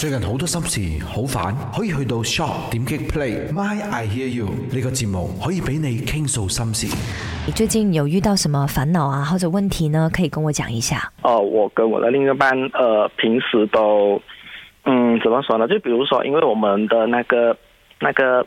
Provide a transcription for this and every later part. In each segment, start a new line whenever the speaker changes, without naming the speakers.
最近好多心事好煩，可以去到 shop 點擊 play。May I hear you 呢個節目可以俾你傾訴心事。你最近有遇到什麼煩惱啊或者問題呢？可以跟我講一下。哦，
我跟我的另一半，呃，平時都，嗯，怎麼說呢？就比如說，因為我們的那個，那個。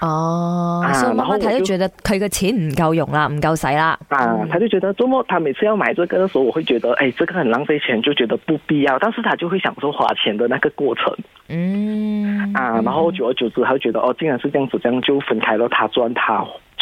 哦，啊、所以慢慢他就覺得佢嘅錢唔夠用喇，唔夠使喇。啊，他就覺得周末，
他每次要買這個的時候，我會覺得，哎，這個很浪費錢，就覺得不必要，但是他就會享受花錢的那個過程。嗯，啊，然後久而久之，他就覺得，哦，竟然是這樣子，這樣就分開了，他賺他。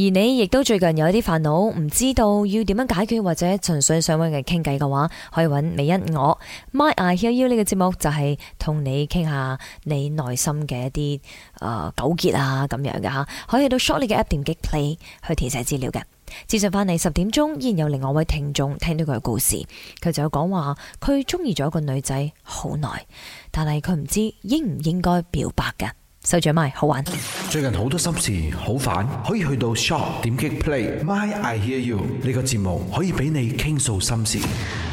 而你亦都最近有一啲煩惱，唔知道要點樣解決，或者純粹想搵人傾偈嘅話，可以揾美欣我。My I Hear You 呢個節目就係同你傾下你內心嘅一啲誒糾結啊咁樣嘅吓，可以到 short 呢個 app 點擊 play 去填寫資料嘅。接上翻嚟十點鐘，依然有另外一位聽眾聽到佢嘅故事，佢就講話佢中意咗一個女仔好耐，但係佢唔知應唔應該表白㗎。收咗咪，好玩。最近好多心事好煩，可以去到 shop 點擊 play My I Hear You 呢個節目，可以俾你傾訴心事。